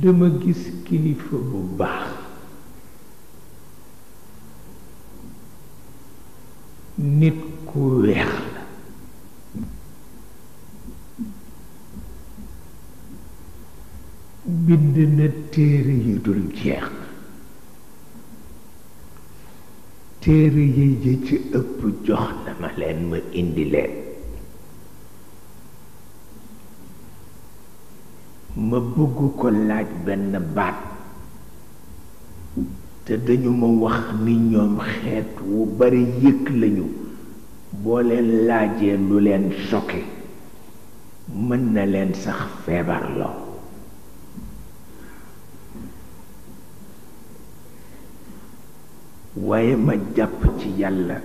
dama gis kilifa bu baax nit ku weex la bind na téere yu dul jeex téere yi ci ëpp jox na leen ma indi ma bëgg ko laaj benn baat te dañu ma wax ni ñoom xeet wu bari yëg lañu boo leen laajee lu leen choqué mën na leen sax feebar loo waaye ma jàpp ci yàlla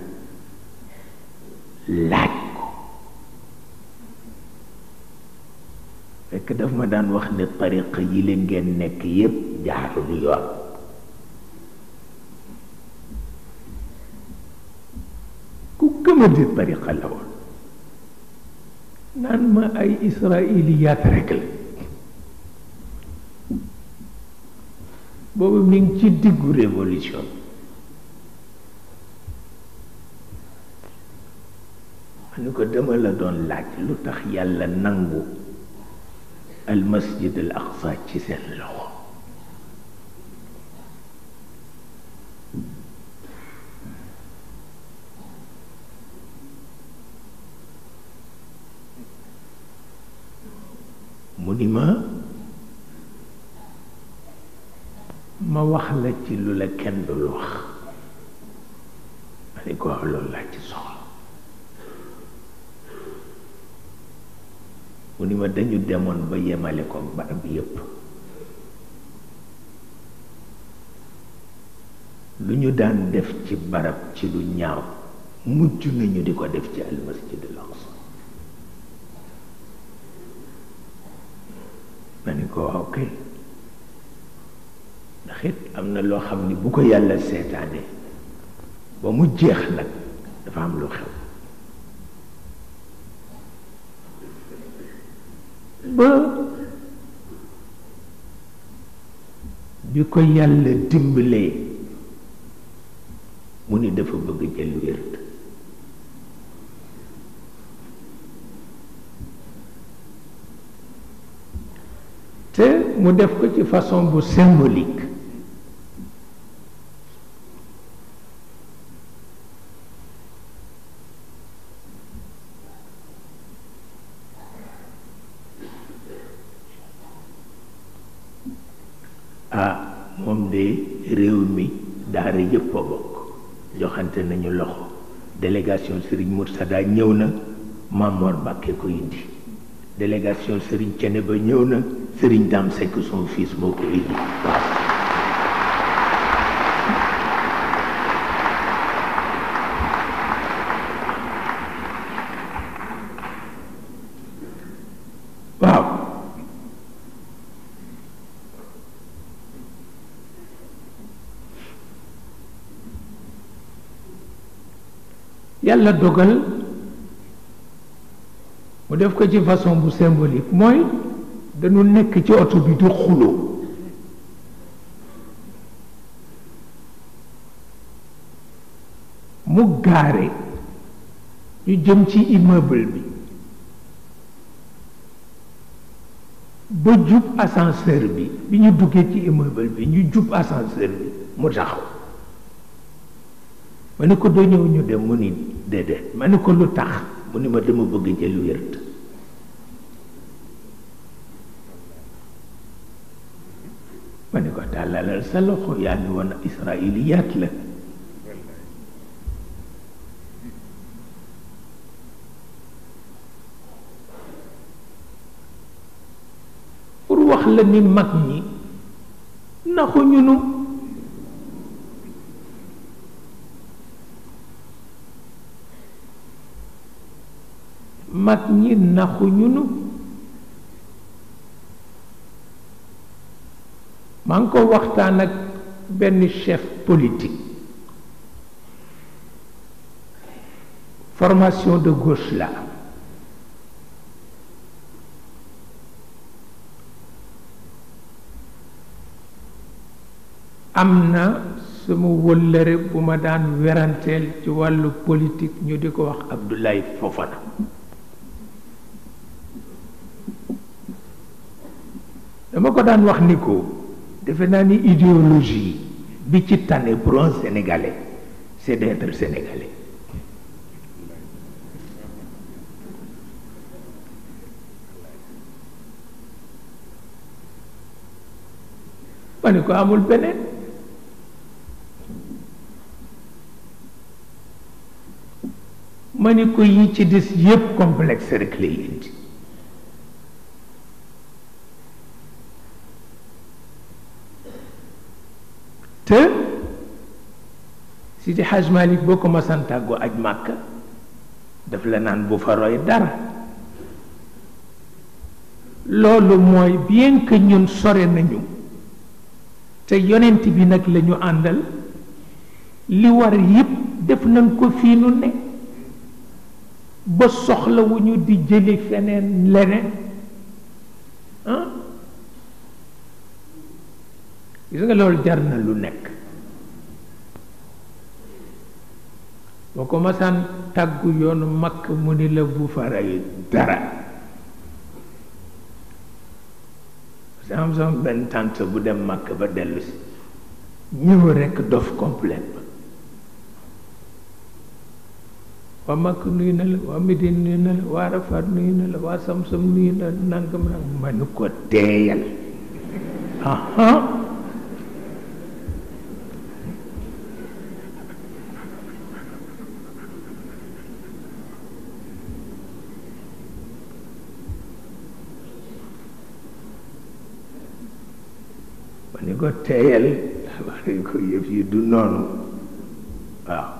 laaj fekk daf ma daan wax ne tariqa yi la ngeen nekk yépp jaarul yoon ku gëmadi tariqa la woon naan ma ay israiliyaat rek la boobu mi ngi ci diggu révolution ma ni ko dama la doon laaj lu tax yàlla nangu المسجد الأقصى له منما ما وخلت لولا كان لولا وخ ما لقوا لولا جزله mu ni ma dañu demoon ba yemale ko barab yépp lu ñu daan def ci barab ci lu ñaaw mujj nañu di ko def ci almasjid al aqsa ma ni ko waaw kay ndax it am na loo xam ni bu ko yàlla seetaane ba mu jeex nag dafa am lu xew ba bi ko yàlla dimbalee mu ni dafa bëgg jël wér te mu def ko ci façon bu symbolique moom de réew mi daara yëpp a bokk joxante nañu loxo délégation Serigne Moursada ñëw na Mamor Mbàkke ko indi délégation Serigne Cene ba ñëw na Serigne Dame Seck son fils moo ko indi yàlla dogal mu def ko ci façon bu symbolique mooy dañu nekk ci oto bi di xuloo mu gaare ñu jëm ci immeuble bi ba jub ascenseur bi bi ñu duggee ci immeuble bi ñu jub ascenseur bi mu taxaw ma ne ko doo ñëw ñu dem mu ni déedéet ma ne ko lu tax mu ni ma dama bëgg jël wér ma ne ko tàllalal sa loxo yaa ngi woon israiliyaat la pour wax la ni mag ñi naxuñu nu mag ñi naxuñu nu maa ko waxtaan ak benn chef politique formation de gauche la am am na sama wëllëre bu ma daan weranteel ci wàllu politique ñu di ko wax Abdoulaye Fofana dama ko daan wax ni defe naa ni idéologie bi ci tane pour un sénégalais c'est d'être sénégalais ma ne ko amul beneen ma ne ko yi ci des yépp complexe rek lay te Sidi Hadj Malick boo ko ma aj màkk daf la naan bu fa roy dara loolu mooy bien que ñun sore nañu te yonent bi nag lañu ñu àndal li war yépp def nañ ko fii nu ne ba soxlawuñu di jëli feneen leneen gis nga loolu jar na lu nekk boo ko masaan tàggu yoonu makk mu ni la bu faray dara sam benn tànt bu dem makk ba dellusi si ñëw rekk dof complètement waa makk nuyu na la waa midin nuyu na la waa rafaat nuyu na la waa samsam nuyu na la ma nu ko teeyal ni ko teyel xamal yi du noonu waaw